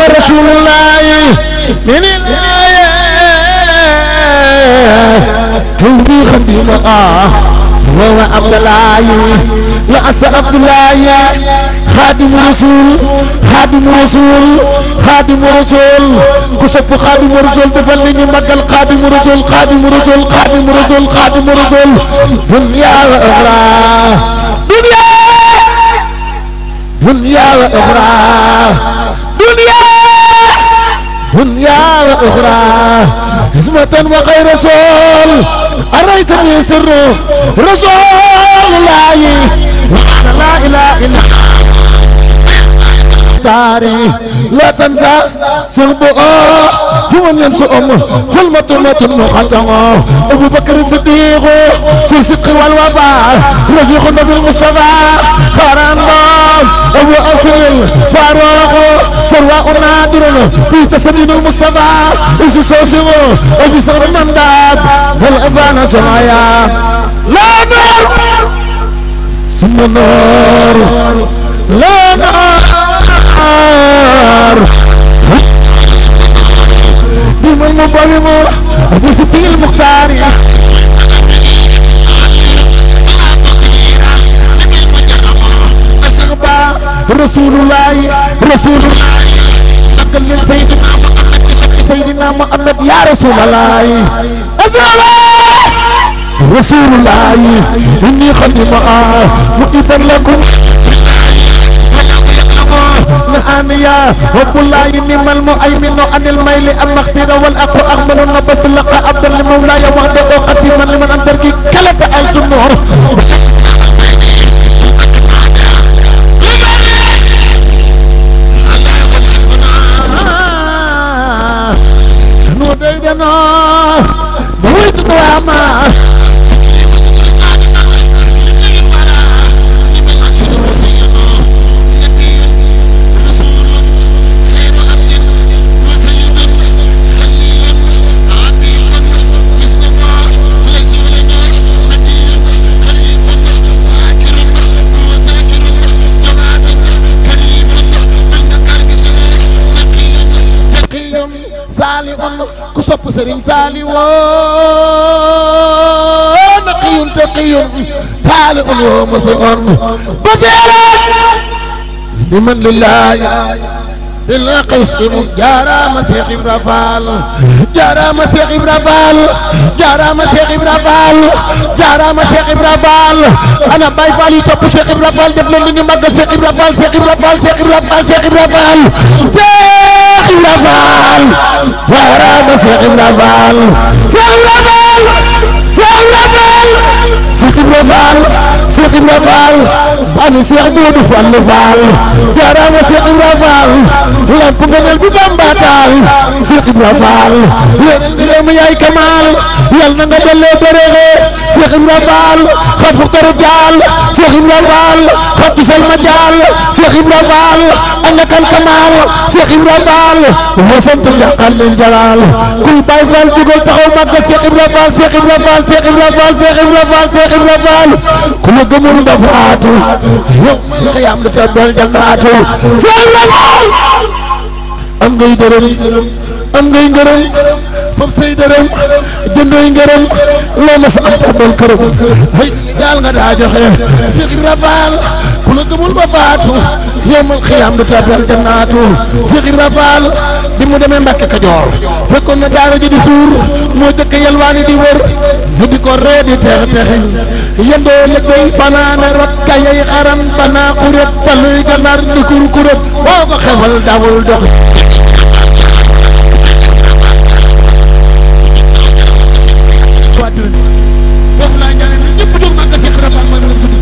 قام رسول الله من الآية كوني خديمة هو عبد الله لأسر عبد الله خادم رسول خادم رسول خادم رسول كسب خادم رسول تفلني مجل خادم رسول خادم رسول خادم رسول خادم رسول دنيا وأخرى دنيا دنيا وأخرى دنيا دنيا وأخرى عزمة وغير رسول أريتني سره رسول الله لا إله إلا تاري لا تنسى سربها فمن ينسى أمه فالمتمة مخلقة أبو بكر الصديق في صدق والوفاء رفيق النبي المصطفى قرن أبو أصل فاروق سرواء نادر في تسديد المصطفى إيش سوسو أبي سر منداب والأفان سمايا لا نار ثم النار لا نار النار بما المبرم وسبيل المختار رسول الله رسول الله أقل سيدنا سيدنا محمد يا رسول الله رسول الله إني خدمة مؤثر لكم الآنية حب الله نم المؤمن عن الميل أما اختير والأقوى أغمل النبس لقى أفضل لمولاي وحده قديما لمن أن تركي كلة الزنور نقي تقي صالح ومسلم بصيرا لمن لله إلا قسم جارا مسيح إبرافال جارا مسيح إبرافال جارا مسيح إبرافال جارا مسيح إبرافال أنا باي فالي سب شيخ إبرافال دبلن نيمبر شيخ إبرافال شيخ إبرافال شيخ إبرافال شيخ إبرافال شيخ إبرافال Cheikh Ibra Fall jaaraama Cheikh Ibra Fall Cheikh Ibra Fall Cheikh Ibra Fall Cheikh Ibra Fall Seex Ibra Faal ami Seex Moodu Fall Fall jaaraama Seex Ibra Faal lépp nga mel bu Bamba taal Seex Ibra Faal yow yaay Kamaal yal na nga dellee bëreexe Seex Ibra Faal xat fu taru jaal Seex Ibra Faal xat sal ma jaal Kamaal Seex Ibra Faal ma sant njaqal min jalaal kuy Baay Faal dugal taxaw màggal gëmul nga faatu yow man xiyam la febbal jannaatu am ngay dërëm am ngay ngërëm fam say dërëm jëndoy ngërëm loo ma sa am tàmbal kërëm hey daal nga daa joxe Cheikh Ibra Fall ku la gëmul ba faatu yowmal xiyaam du tàbbal jannaatu Cheikh Ibra Fall bi mu demee Mbàkke Kajoor fekkoon na daara ji di suur moo jëkk yelwaani di wër ñu di ko ree di teex teexi yendoo lëggéey fanaane rab kayay xaram banaa kuréet baluy ganaar di kur kuréet boo ko xewal dawul 3 2 foofu laa ñaanal nit ñëpp jóg màggal Cheikh Ibra Fall mooy borom guddi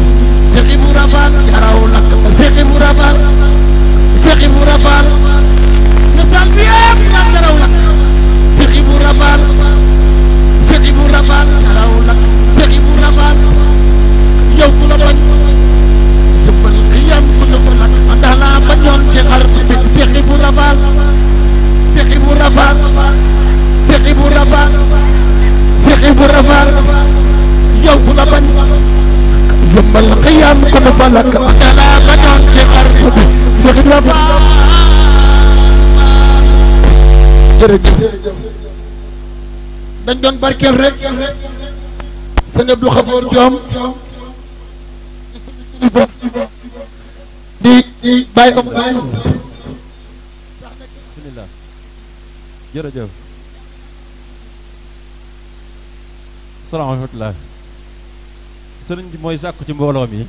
Cheikh Ibra Fall yaraaw lakk Cheikh Ibra Fall Cheikh Ibra Fall na saal bi yëpp naan yaraaw lakk Cheikh Ibra Fall Cheikh Ibra Fall yaraaw lakk Cheikh Ibra Fall yow ku la bañ jëppal xiyam ku la ko lakk ndax laa bañoon ci xar bi Cheikh Ibra Fall Cheikh Ibra Fall Cheikh Ibra Fall bu rafaa yow bu la bañ yombal xiyaam ko dafa lakk salaamatan ci xarnu bi Serigne Rafa jërëjëf dañ doon barkeel rek sëñ Abdou Xafoor Joom di di bàyyi am jërëjëf salaam rahmatullah sëriñ bi mooy sàkku ci mbooloo mi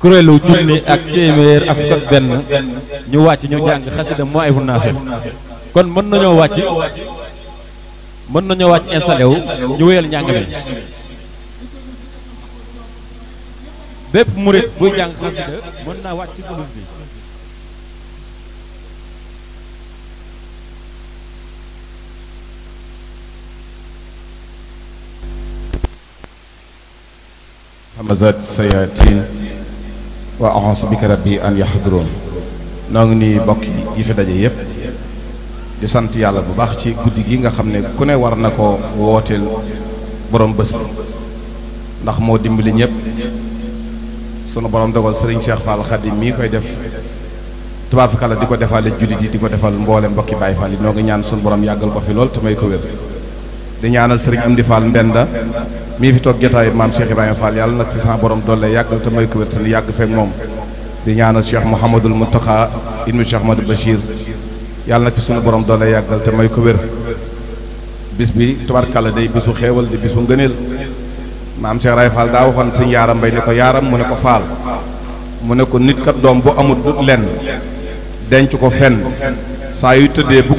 kuréelu junni ak téeméer ak fukk benn ñu wàcc ñu jàng xasida moo ay naafi kon mën nañoo wàcc mën nañoo wàcc installé wu ñu wéyal njàng mi bépp murit buy jàng xasida mën naa wàcc ci bulus bi hamazat sayatin wa a'uuzu bika rabbi an yahduruun noo ngi nuyu mbokk yi fi daje yépp di sant yàlla bu baax ci guddi gi nga xam ne ku ne war na ko wooteel borom bés bi ndax moo dimbali ñëpp sunu borom dogal sëriñ Cheikh Fall Khadim mii koy def tubaab fi kala di ko defaale jullit yi di ko defal mboole mbokki Baye Fall yi noo ngi ñaan sunu borom yàggal ko fi lool te may ko wér di ñaanal sëriñ Amdi Fall Mbenda mii fi toog jotaayu maam Cheikh Ibrahima Fall yàlla nag fi sa borom doole yàggal te may ko wér te ni yàgg feeg moom di ñaanal Cheikh Mouhamadul Mountakha ibnu Cheikh Ahmadou Bachir yàlla nag fi sunu borom doole yàggal te may ko wér bis bi tubarkalla day bisu xeewal di bisu ngëneel maam Cheikh Ibrahima Fall daa waxoon sëñ yaaram mbay ne ko yaaram mu ne ko Fall mu ne ko nit kat doom bu amul du lenn denc ko fenn saa yu tëddee bu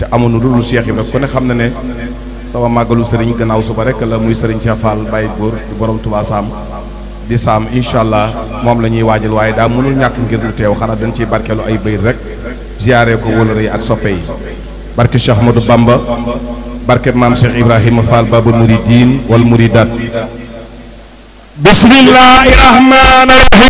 te amoon lu dul Cheikh Ibra ku ne xam na ne sama màggalu sëriñ gannaaw suba rek la muy sëriñ Cheikh Fall bàyyi Góor di borom Touba Sam di Sam incha allah moom la ñuy waajal waaye daa mënul ñàkk ngir lu teew xanaa dañ ci barkeelu ay béy rek ziare ko wóolare yi ak soppe yi barke Cheikh Ahmadou Bamba barke maam Cheikh Ibrahima Fall Babul Mouridine wal Mouridat. bismillahi rahmaani rahim.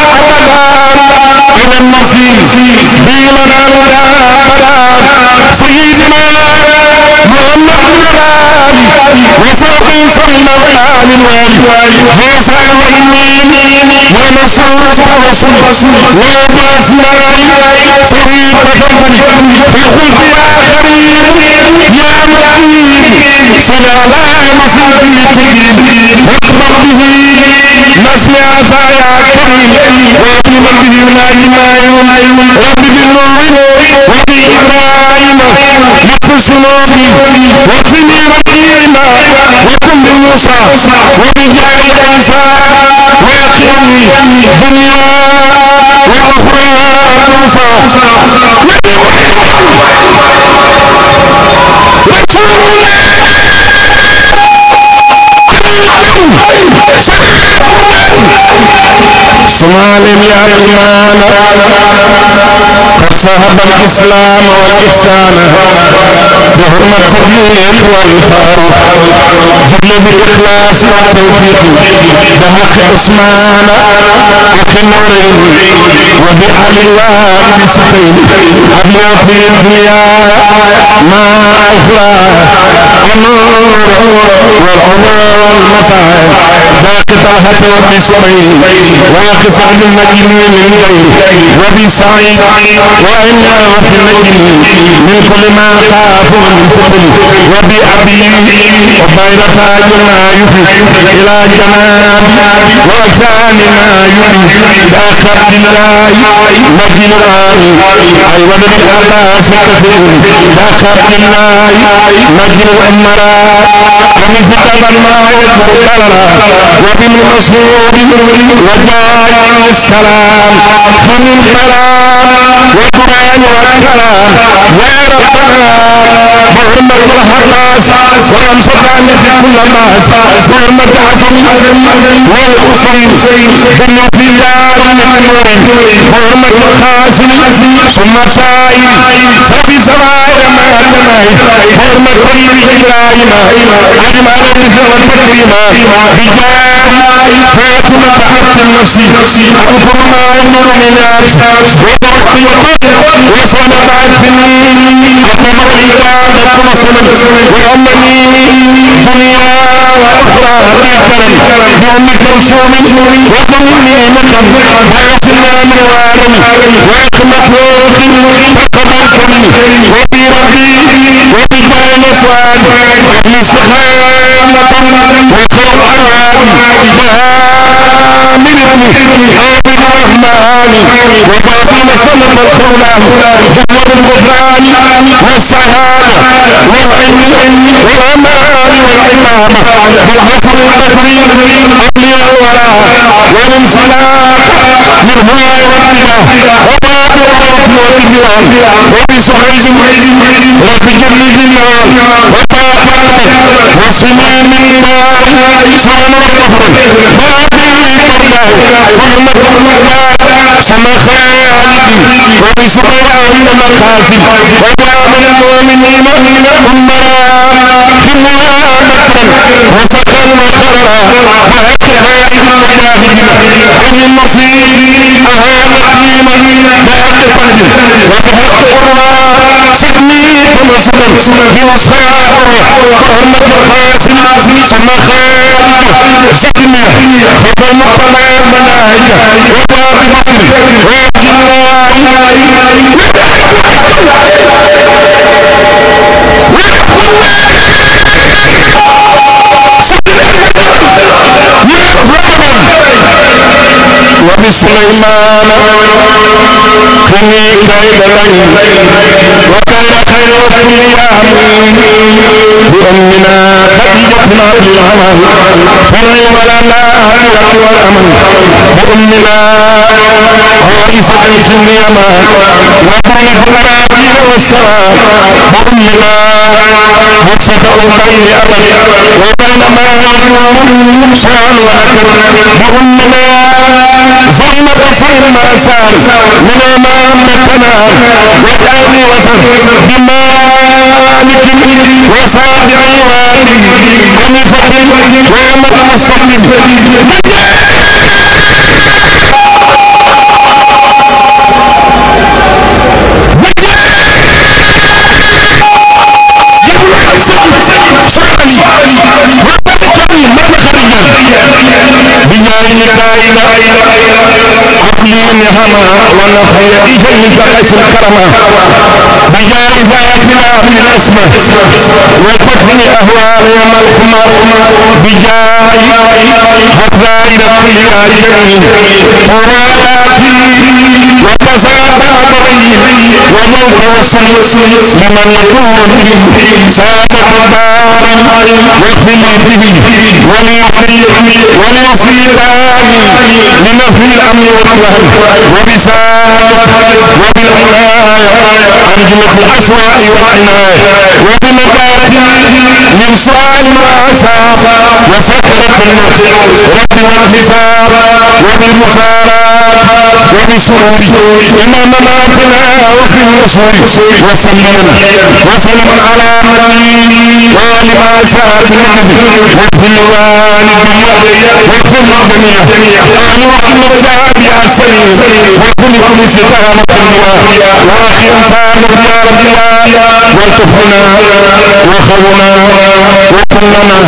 سلام على المسلمين وقبل به مسمع عصايا كريم وابن مجدنا إمام رب بالنور وبإبراهيم نفس سنوبي وابن ربينا وكن بموسى وبجاه عيسى ويقيني دنيا وأخرى نوفا صوالم يا رحمن قد صهب الإسلام والإحسان بحرمة فضله والفاء جبل بالإخلاص والتوفيق بحق عثمان أخي نورين وبعلي وآل ستين أبلغ في الدنيا ما أخلى النور والعمر والمساعد باقطة وبسعين واقف عن المجنون الليل وبسعين وإنا وفي المجنون من كل ما خاف فوق الفوق وبأبي وبيرة ينايف إلى جناب وزاننا يني ذاك عبد الله مجنون أي ولد الأباس كثير ذاك عبد الله مجنون أمرا ومن كتاب الله أكبر وبالمسرور وجاء السلام فمن بلى وقرآن وكلام ويا ربنا محمد الحراس ورم سلطان يحب الناس محمد الحسن والحسين كل في دار المريد محمد الخاسم ثم سائل سبي سوائر ما علمه محمد كل الإلهنا علم عليه والمكرمة رجال فاتنا بحق النفس أكثر ما المؤمنات ويسأل عافني أطمع إلى رسول وأمني دنيا وأخرى ذاكرا بأمك رسول وضمني أمكا ويسنا منوال وأخمت وأخم فقبلتني وفي ربي وبجعل أسواد مستقامة وقرآن بها من حافظ الرحمن وبعد وسلم الخلال جوّر الغفران والسهال والعلم والأمان والإمامة بالعفو والتكريم أولياء الولاء والانسلاك بالهوى والرضا وما برب والإجلال وبصحيح رب جل جلاله وطاعته وسماع من الله سبحانه وتعالى ما به قبله محمد الله sama xaalidi wa bisraam maqasid wa jaamal muminina ummara ximna makran wa faqal makara وأكرها المجاهدين عن المصير أهان قيما بحق فرد وبحق قرى سدني كما سدن بوصفها وحرمة القاسم ثم خالد سدنا خبر مقتنع المناهج وبسليمان كني كيد لين وكان بأمنا خديجتنا بالعمل فنعم لنا العمل والأمل بأمنا عائشة بنت مريم وبرهنا الدين والسلام بأمنا حفصة أم الأمل وبينما يوم سؤال وأكل بأمنا زينب إما سار من أمام مكنا وجعلني وسر بمالك وصادع والي ونفق وعمر مستقيم Yeah. النعما ونفيد المقيس الكرما بجار ذاتنا من الاسمة وقتل اهوال يوم الخمار بجاه حتى الى كل جميل قرانات ساعة عليه ومغفر لمن يكون ساعة عبارا يكفي به ولا طريق ولا سيران لنفي الأمر والوهل وبساعة وبالآية أنجمة الأسواء والنهاية وبمبات من سؤال وعسى وسكرة الموت رب والحساب وبالمخالات وبسرور إمامنا بلا وفي الأسر وسلم وسلم على من وعلم شاء في النبي وفي الوالدية وفي الجميع أن وحمد سعادي السنين وكل كل سلام الدنيا وإنسان اختارنا والتفنا وخونا وكلنا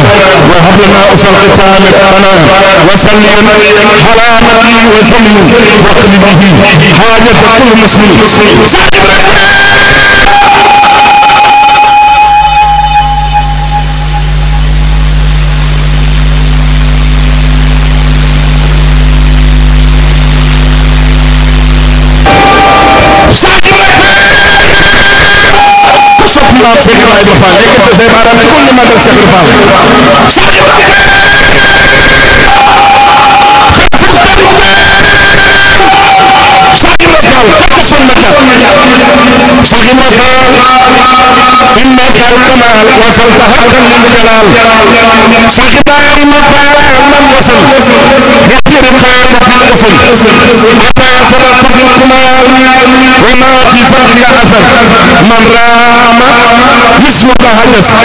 وهب لنا أسر قتال الأنام وسلم على من وسلم وقلبه حاجة كل مسلم سيدنا عيسى فعل لكن تسيب على كل ما تسيب فعل سبحانك إنك الكمال وصلت حقا للجلال سبحانك لم يصل بخير قائد حق أصل متى صدقت في الكمال وما في فضل أثر من رام مثلك هجس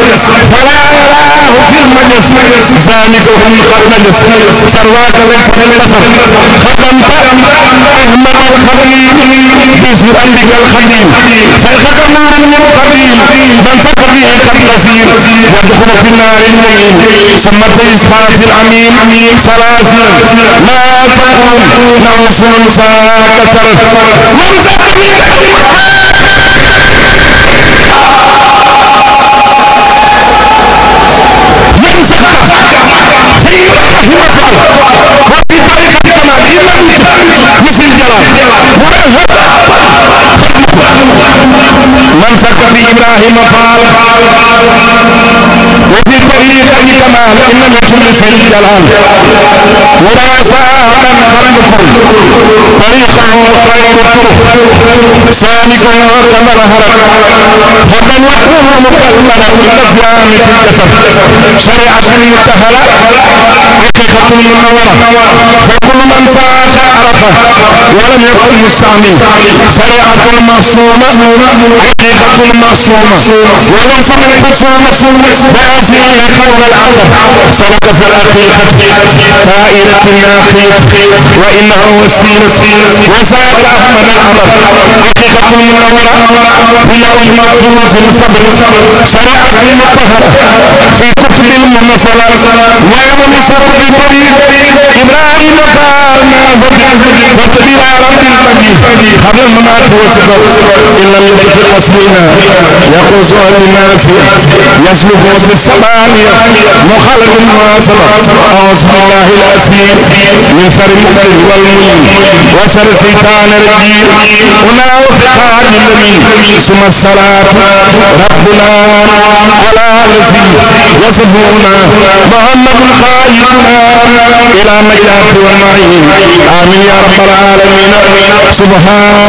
فلا يراه في المجلس ذلك هم قد نجس سرواك ليس في البصر ختمت أهم باسم عندك الخليل فالخطرنا من القليل بل فكر به قد قصير يدخل في النار المليم ثم تسمع في العميم سلاسل ما تكون نوس فكسرت من سكر Ibrahima Fall وفي طريق الكمال إن من شمس الجلال ورافع من خلقكم طريقه خير الطرق سالكه كما ظهرت فمن وحده مكملا بالأفلام في الجسد شريعة متهلة حقيقة منورة من فاز عرفه ولم يكن مستعمل شريعة معصومة عقيدة معصومة ولو فمن كفر مفروض بقى فيه خير العمل صدق فالعقيدة تائلة الناقية وإنه وسيلة وفاق أهم العمل عقيدة منورة بيوم مقبول في الصبر شريعة مطهرة في كتب المثلات ويوم شرع رب الكبير xam nga mën naa tuwa si bopp ilam la fi aslina yaqusu amina fi yaslu ko si sabaniya mu xalaat ma sama aos billahi la asis min sari mukkin wal muyin wa sari seytaan rajim una wa fiqaan lami suma salaatu rabbuna ala lazi yasifuna muhammadun xaayiduna ila najaati wa mahin amin ya rabbal alamin سبحان ربك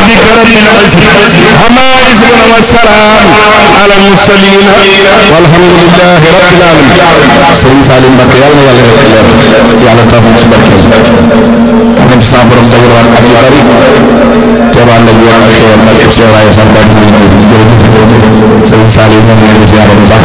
رب العزة عما يصفون والسلام على المرسلين والحمد لله رب العالمين سيدي سالم بك يلا يلا يلا تفهم سبحانك ñu ngi sant borom dajale waat ak yu bëri te baal la ñu ak xéwal ak képp seen rajo sax daal di leen di jërëjëf sëriñ Saliou ñu ngi leen di ziar bu baax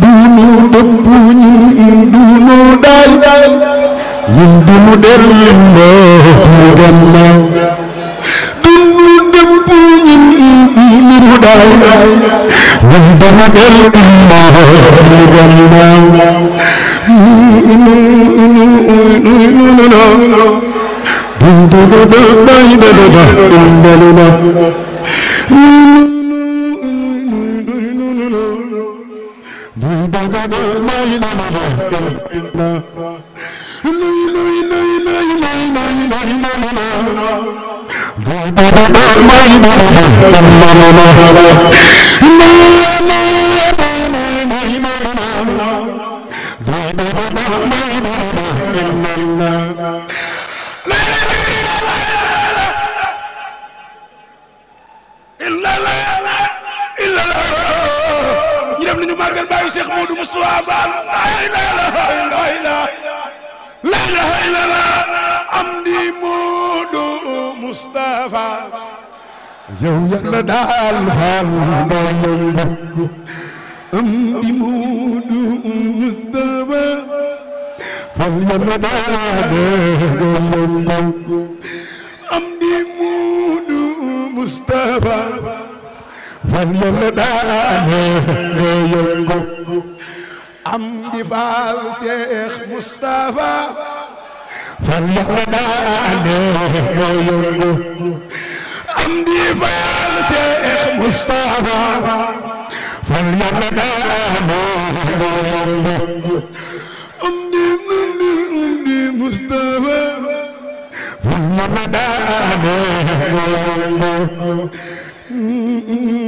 duunu dëpp ñun duunu daal ñun duunu dellu yow yàlla daal baalu baalu am di Moodu Mustafa fal yàlla daal baalu am di Moodu Mustafa fal yàlla daal baalu am di Faal Seex Mustafa فاليقنا عليهم ويرجو عمدي فيا الشيخ مصطفى فاليقنا عليهم ويرجو عمدي عمدي عمدي مصطفى فاليقنا عليهم ويرجو Mm-hmm.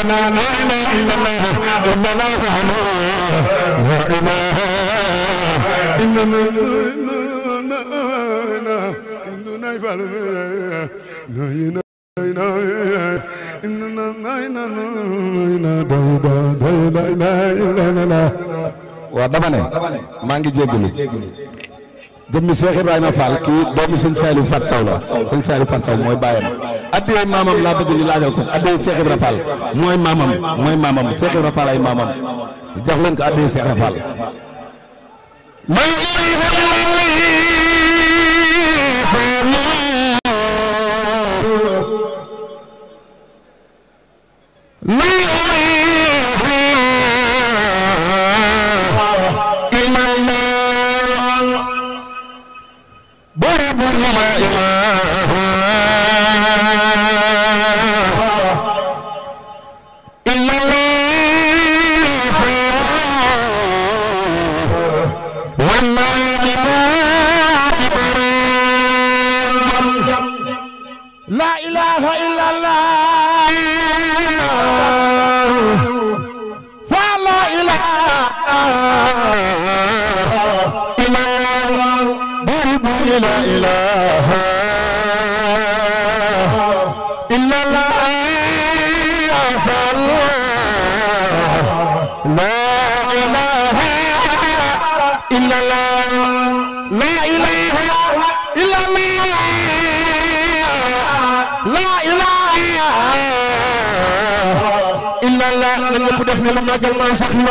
ربنا لا اله ne maa ngi jégalu jëmmi Cheikh Ibrahima Fall kii doomi sëñ Saliou Fat Saw la sëñ Saliou Fat Saw mooy bàyyam addee maamam laa bëgg ñu laajal ko addee Cheikh Ibra Fall mooy maamam mooy maamam Cheikh Ibra Fall ay maamam jox leen ko addee Cheikh Ibra Fall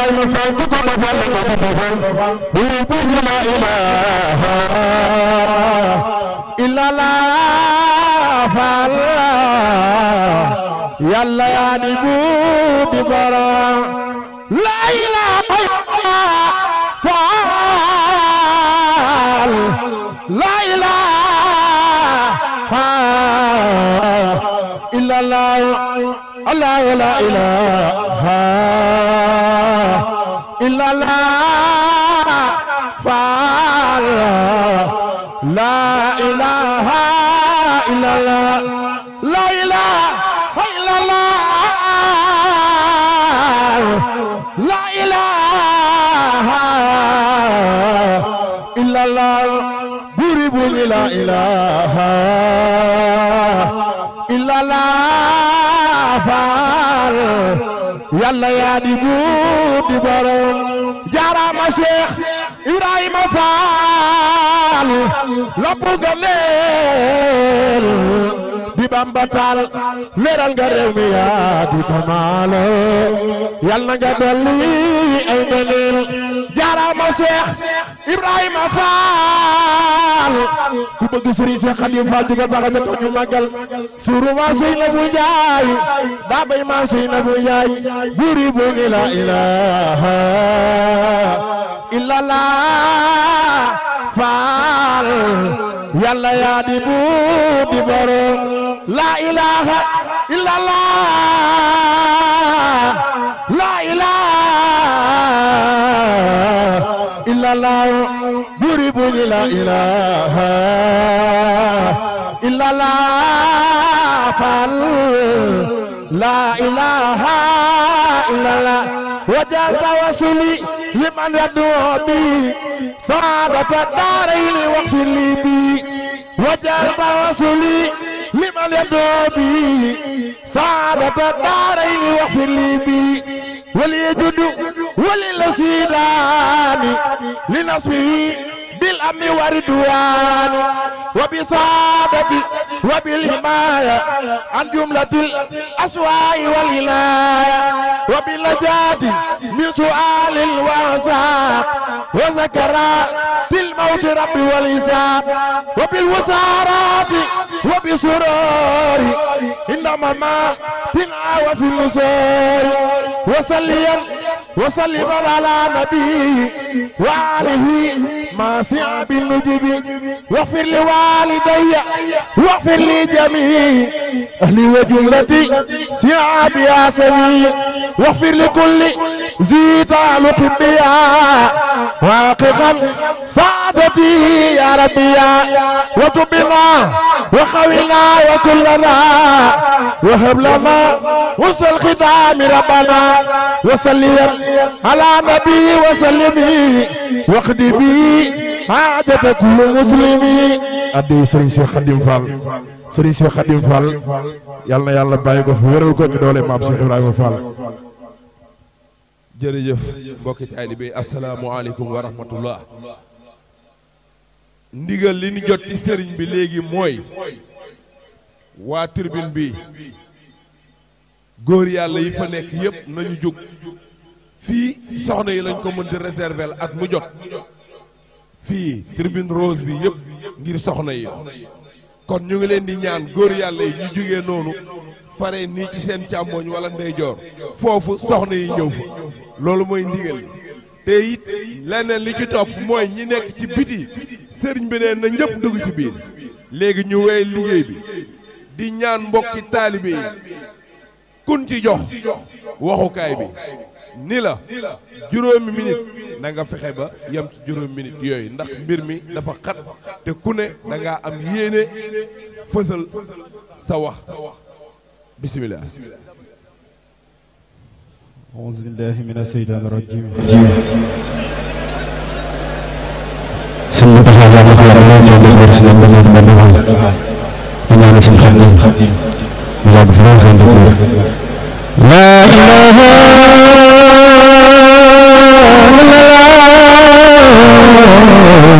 المفعل بكم مفعل مفعل بكم لا إله إلا الله فالله يلا يا نبو ببرا لا إله إلا فعل لا إله إلا الله الله لا إله إلا لا فعل لا إله إلا لا لا إله إلا لا لا إله إلا لا بريب لا إله إلا لا yàlla yaa di buur di borom jaaraama Seex Ibrahima Faal loppu nga meel di Bamba Faal leeral nga réew mi yaa di tamaalo yàlla nga dolli ay ngëneel jaaraama Seex Ibrahima Fall ku bëgg Serigne Cheikh Khadim Fall di nga baax a jot ñu màggal suuru maa sey na bu njaay buri bu la ilaha illallah Fall yàlla yaa di bu la ilaha illallah illallah buri buri la ilaha illallah fal la ilaha illallah wajal tawassuli liman yadu bi saadat ad-darain waqfi li bi wajal tawassuli liman yadu bi saadat ad-darain waqfi li bi وليجد وللسيدان لنصبه بالأمن والرضوان وبسعادة وبالحماية عن جملة الأسواء والهلاية وبالنجاة من سؤال الوساق وذكرى بالموت رب والحساب وبالوسارات وبسرور إنما ما تنعى وفي النصور وسليا وسلم على نبي وآله ما سعى بالنجب واغفر لوالدي واغفر لجميع أهلي وجملتي سعى بياسمي واغفر لكل ذي تعلق بيا واقفا سعادتي يا ربي وطبنا وخوينا وكلنا وهب لنا وسط الختام ربنا وسلم على نبي وسلمي واخدمي حاجة كل مسلمي أدي سرين شيخ خديم فال sëriñ Cheikh Khadim Fall yal na yàlla bàyyi ko fi wéral ko ci doole maam Cheikh Ibrahima Fall. jërëjëf mbokki taalibe asalaamualeykum wa rahmatullah. ndigal li ñu jot ci sëriñ bi léegi mooy. waa tribune bi. góor yàlla yi fa nekk yépp nañu jóg. fii soxna yi lañ ko mën di réserver at mu jot fii tribune rose bi yëpp ngir soxna yi kon ñu ngi leen di ñaan góor yàlla yi ñu jógee noonu fare nii ci seen càmmoñ walla ndeyjoor foofu soxna yi ñëw fa loolu mooy ndigal te it leneen li ci topp mooy ñi nekk ci biti sëriñ bi nee na ñëpp dugg ci biir léegi ñu wey liggéey bi di ñaan mbokki taalibe yi kun ci jox waxukaay bi ni la juróomi minute na fexe ba yam ci juróomi minute yooyu ndax mbir mi dafa xat te ku ne da am yéene fësal sa wax bisimilah. auzu billahi mina si yàlla ñëw mel xam ne. yàlla dafa yàlla xam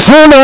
Suna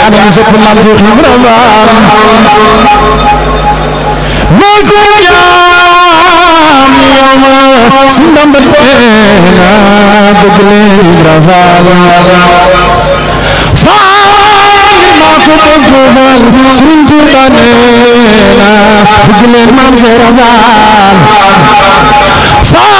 waaye am na sopp maam Cheikh Ibrahima mako jaam yow ma si ndam na bëgg leen Ibrahima faal maa ko bëgg faal Sëriñ Tuuba nee na bëgg leen maam Cheikh Ibrahima faal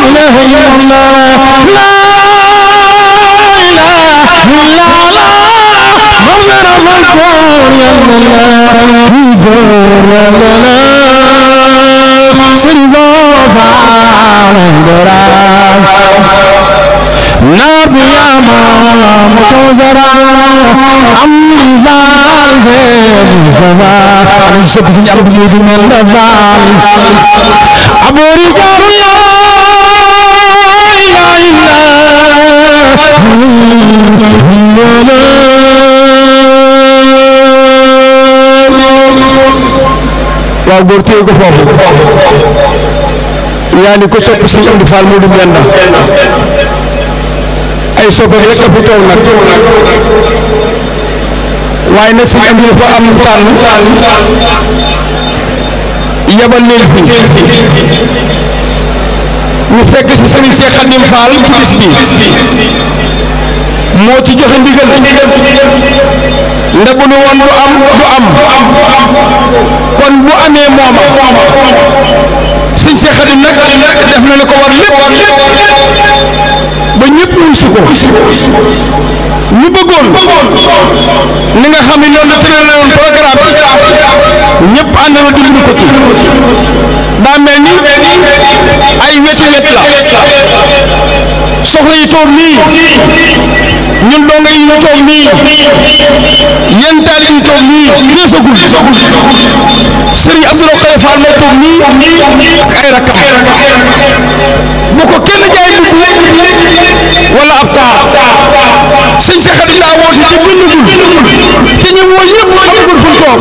إله إلا الله لا إله إلا الله غفر غفور يا الله غفور يا الله سلفا فاندرا نبي يا مام توزرا أم فال سبا سبا سبا سبا سبا سبا سبا waaw góor téye ko foofu yaa ni ko sopp si indi faal mu dum lenn ay soppe rek a fi toog nag waaye nag suñ indi dafa am tànn yabal leen fi ñu fekk si Serigne Cheikh Khadim Fall ci bis bi moo ci joxe ndigal nda bu nu woon lu am du am kon bu amee mooma Serigne Cheikh Khadim nag def na la ko war lépp ba ñëpp wuy si ko ñu bëggoon li xam ne noonu la tëralee woon programme bi ñëpp àndandoo dund ko ci daa mel ay weti wet la soxla nii. ñun doo ngay ñu toog nii yéen taal yi toog nii réesagul Serigne Abdoulaye Khaye Fall moo toog nii ak ay rakam bu ko kenn jaay dugg wala ab taar sëñ sa xarit daa woote ci bindugul ci ñu woo yëpp amagul fu mu toog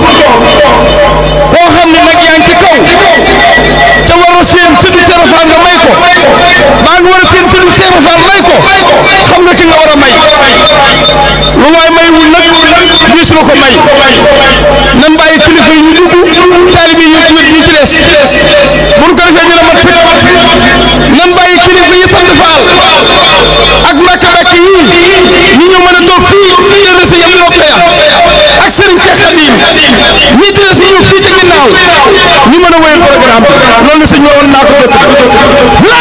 koo xam ne nag yaa ci kaw ca a seen sëñ Serap Fall nga may ko maa ngi war a seen sëñ Serap Fall may ko xam nga ki nga war may. lu waay maywul nag lii su ko may nan bàyyi kilifa yi ñu dugg taalibe yi ñu ci wet ñi ci des bu ñu ko defee ñu la mat sëkk nan bàyyi kilifa yi sant faal ak mbàkk-mbàkk yii ñu ñu mën a toog fii te ne si yam roqeya ak Serigne Cheikh Khadim ñii ci des ñu fii ci ginnaaw ñu mën a wéyal programme loolu sëñ bi woon naa ko jot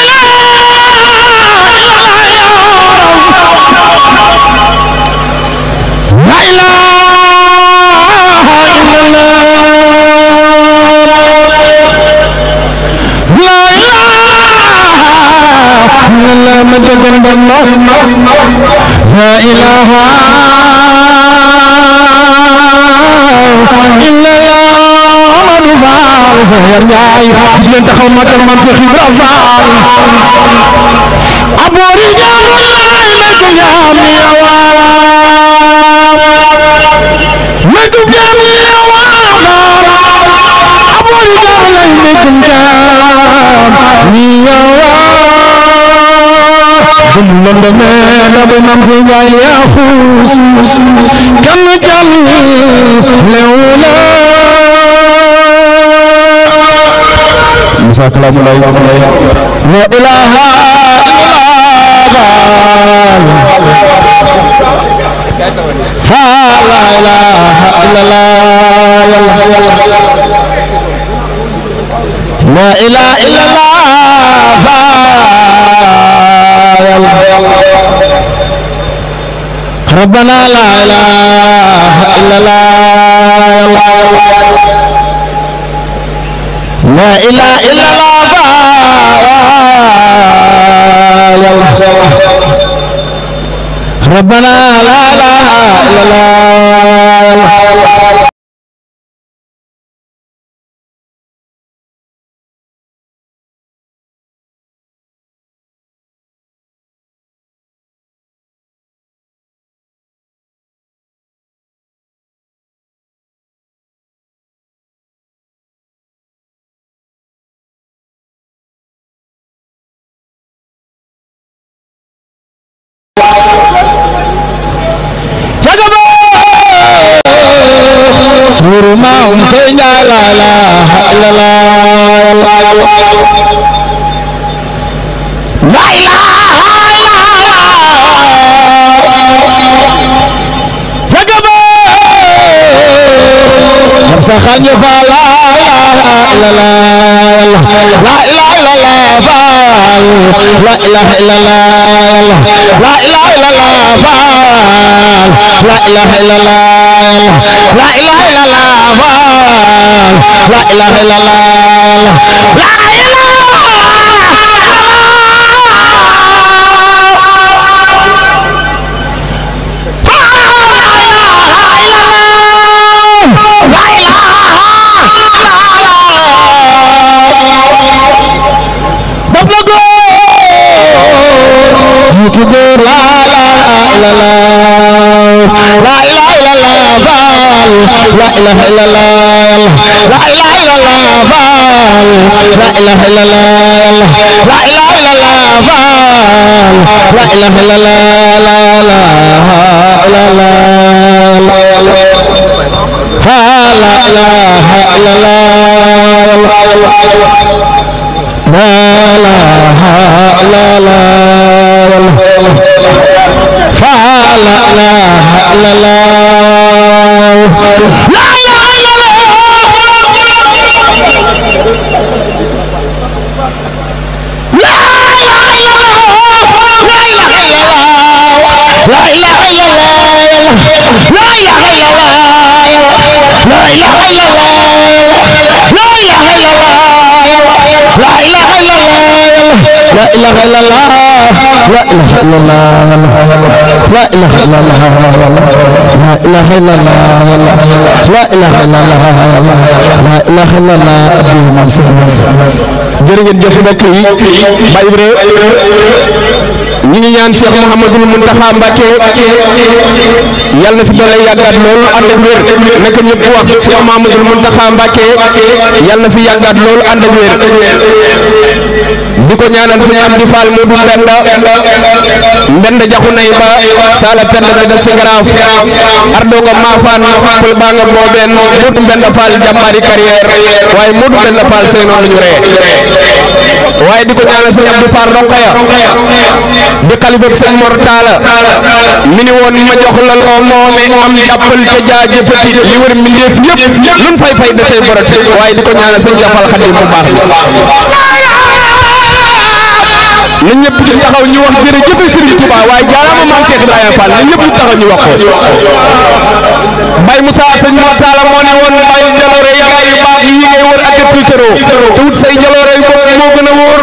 رفعان أبو رجال لكم جميع لكم جميع أبو رجال لكم جميع ظلم دمنا بنمزج يا خوس كم كم لولا Moussa kalaam lay la ilaha illallah fa la ilaha illallah yalla yalla la ilaha illallah fa yalla yalla ربنا لا اله الا الله لا إله إلا الله ربنا لا إله إلا الله maam sëñ Ndiaye la ilaha illallah la ilaha saxañ fa la la la la ilaha illallah faal la ilaha illallah la ilaha illallah faal la ilaha illallah la ilaha illallah faal la ilaha illallah ci góor la la la la ilaha illallah faal la ilaha illallah la ilaha illallah faal la ilaha illallah la ilaha illallah faal la ilaha illallah la la la faal la ilaha illallah la la la فلا لا لا لا لا اله الا الله لا اله الا الله لا اله الا الله لا اله الا الله لا اله الا الله لا إله إلا الله لا إله إلا الله لا إله إلا الله لا إله إلا الله لا إله إلا الله لا إله إلا الله اللهم صل jërë ngeen jëf mbokk yi Baye Ibra ñi ngi ñaan Cheikh Mouhamadul Mountakha Mbacké yàlla na fi doole yàggaat lool ànd ak wér naka ñëpp wax Cheikh Mouhamadul Mountakha Mbacké yàlla na fi yàggaat lool ànd ak wér di ko ñaanal suñu am di faal mu du penda mbenda jaxu nay ba sala penda na def si garaaf ardo ko maafaan pul baa nga moo benn mutu mbenda faal faal seenoon ñu waaye di ko ñaanal suñu am di faal roqaya di xalifab sëñ Mor Talla mi ni woon ma jox la loo moome am jàppal ca jaajëfati li wër mbindeef yëpp luñ fay fay da say borat waaye di ko ñaanal suñu jàppal xadim bu baax na ñëpp ñu taxaw ñu wax jërëjëf Serigne Touba waaye jaaraama maam Cheikh Ibrahima Fall na ñëpp ñu taxaw ñu wax ko Baye Moussa sëñ Mortala moo ne woon Baye jaloore yi yu baax yi ngay wër ak a tiitaroo te wut say jaloore yu moo gën a wóor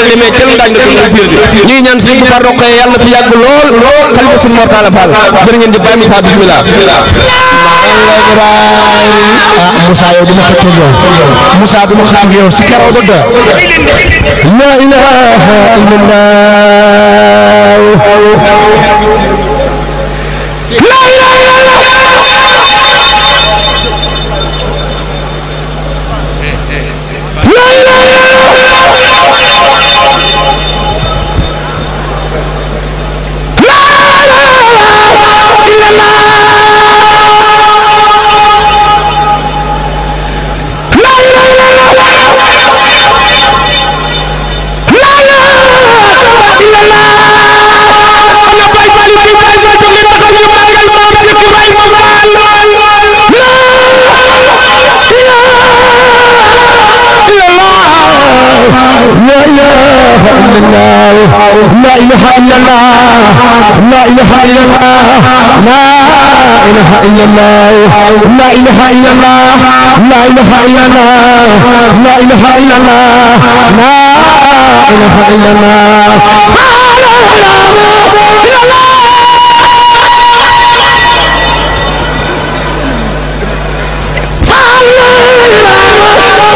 dal di mais cël ndaaj na ko ñuy ñaan sëñ Moustapha Rokhaya yàlla na fi yàgg lool xalifa sëñ Mor Talla Fall jërë ngeen jëf Baye Moussa bismillah ah Moussa yow duma ko tëjoo Moussa duma ko tëjoo yow si keroog dëgg la ilaha illallah لا إله إلا الله لا إله إلا الله لا إله إلا الله لا إله إلا الله لا إله إلا الله لا إله إلا الله لا إله إلا الله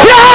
Yeah!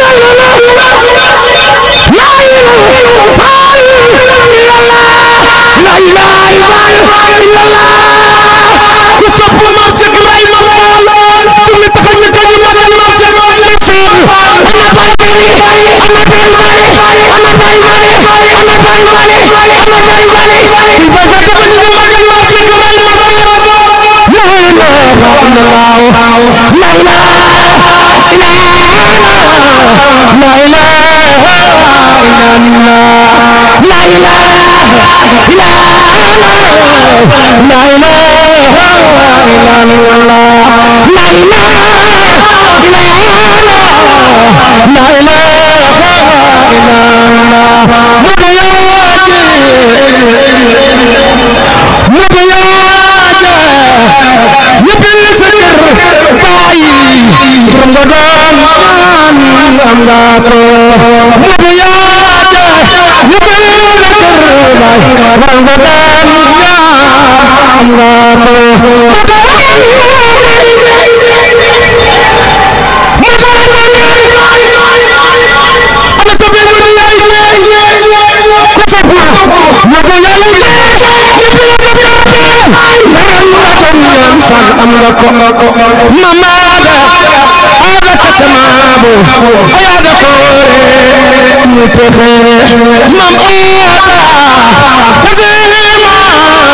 la ilaha illallah ku sopp maam Cheikh Ibrahima لا إله إلا الله لا إله إلا الله لا إله إلا الله مبياجي مبياجي يبن سكر باي رمضان أمداكو مبياجي يبن سكر باي رمضان Mama,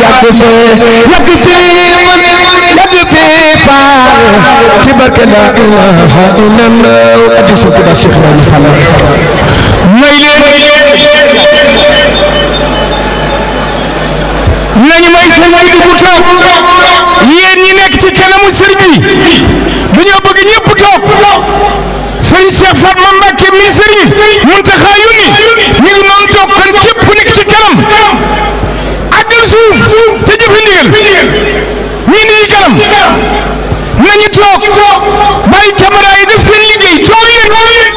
يا كفي يا كفي ci barke la ilaha illa allah addi sëñ Tuubaa Cheikh Ibrahima Fall may leen nañu may sëñ bi dugg toog yéen ñi nekk ci kanamu sëriñ bi dañoo bëgg ñëpp toog sëriñ Cheikh Fatma Mbacke mi sëriñ Muntaxa yónni ñu ngi noonu toog kon képp ku nekk ci kanam addil suuf te jëfe ndigal ñi toog bàyyi caméra yi def seen liggéey coow leen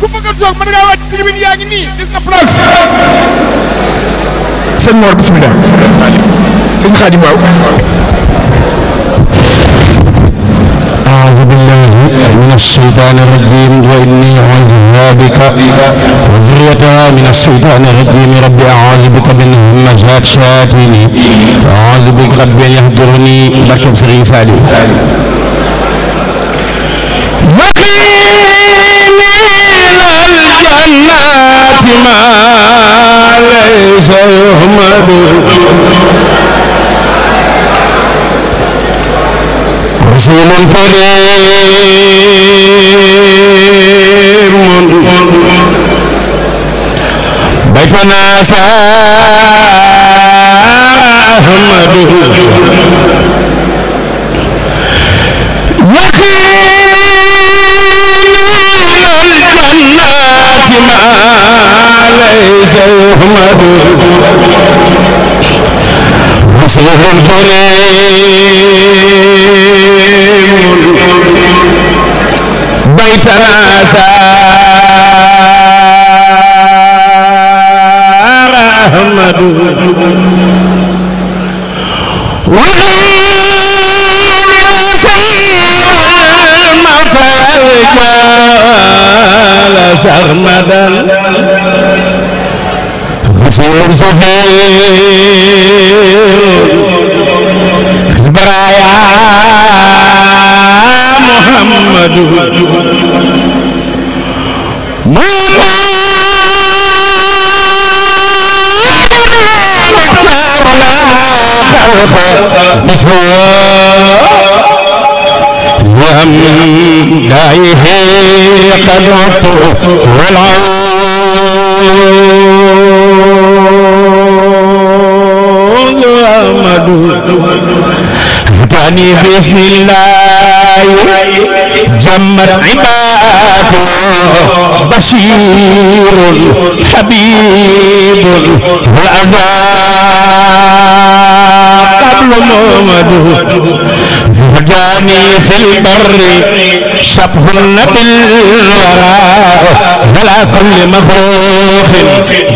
ku bëgg a toog mën ngaa wàcc tribune yaa ngi nii des na place. sëñ Mor bisimilah. sëñ Xaadim waaw. a'uuzu billah من الشيطان الرجيم وإني أعوذها بك وذريتها من الشيطان الرجيم رب أعوذ بك من همزات شياطين أعوذ بك رب أن يحضرني بركب سري سالي وقيل الجنات ما ليس يهمد رسول كريم بيتنا فأحمد يقينا الجنات ما ليس يحمد رسول كريم بيتنا سار أحمد وغير سيما مطلق سرمدا غسول صفير البرايا محمد محمد وهم دائه قد عطوا والعود أمد اهتني بسم الله جمت عباده بشير حبيب العزا قبل محمد هداني في البر شبه بالورى على كل مخلوق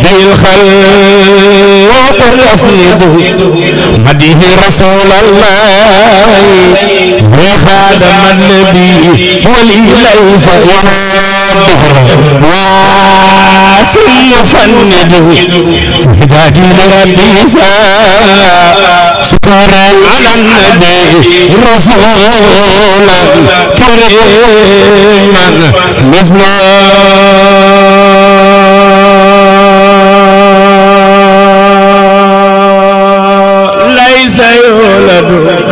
بالخلق وقل أسنده مديه رسول الله وخادم النبي ولإليه فوهابه واسم فنده هدادي لربي ساء شكرا على النبي رسولا كريما مظلوم يولد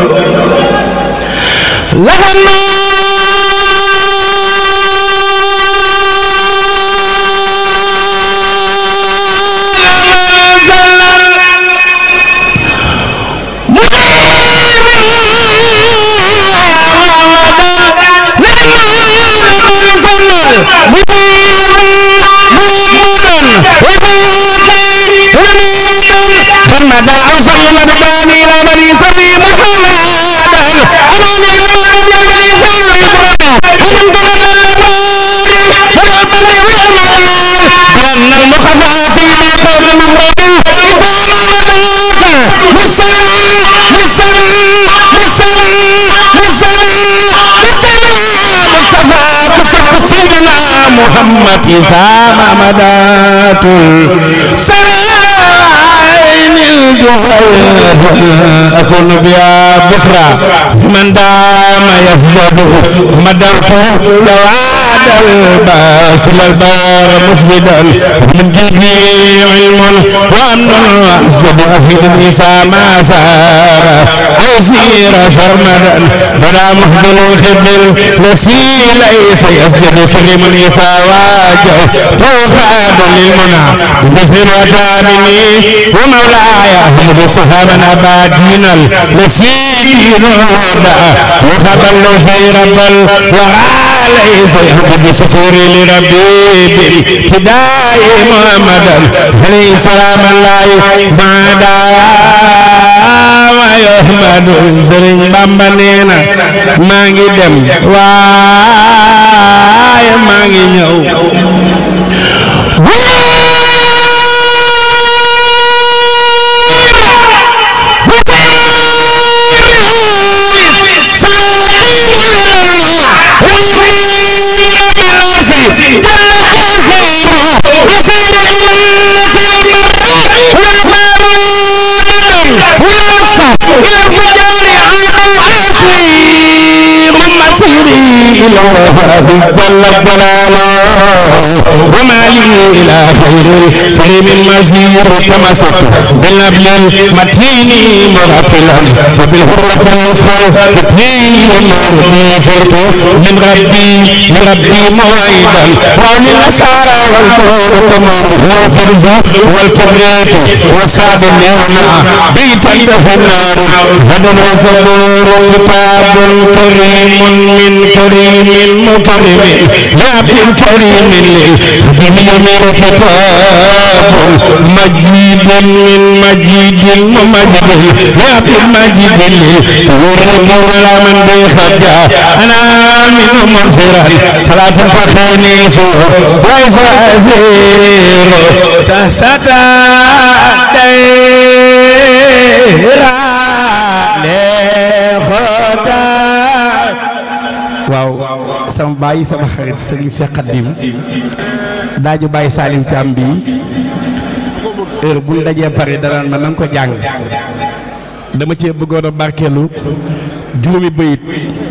له النور محمدا أرسل الأنباني محمد إسام مدات سرائن الجهير أكون بيا بصرى من دام يفضل مدرت دوام الباس البار مسبدا من جدي علم وامن احسب افيد النساء ما سار او سير شرمدا بلا مخدل الخبل نسي ليس يسجد كريم النساء واجه توخاد للمنى بمسلم وتامني ومولاي احمد صحابا ابا دين النسي دين الهدى وخبل سير بل وعاد عليه فالحمد بشكور لربي بالابتداء محمدا عليه سلام الله بعد ويحمد سرين بامبانينا ماغي دم واي ماغي نيو لو أبدا الظلام وما لي إلى خير كريم مزير تمسك بالنبل متيني مرتلا وبالحرة الوسطى متيني مرتي سرت من ربي من ربي موعدا وعن الأسعار والكورة والكرزة والكبريت وسعد النعمة بيتا له النار غدا وزبور كتاب كريم من كريم مكرم لا بالكريم للخدم من خطاب مجيد من مجيد ومجد لا بمجد للغرب ولا من بخجا انا من منصرا ثلاث فخاني سوء ويس ازير سهسة ديرا sama bàyyi sama xarit sëriñ Cheikh Khadim daaju bàyyi Salim Thiam bii heure buñ dajee pare danaan ma nanga ko jàng dama cee bëggoon a barkeelu juróomi bayit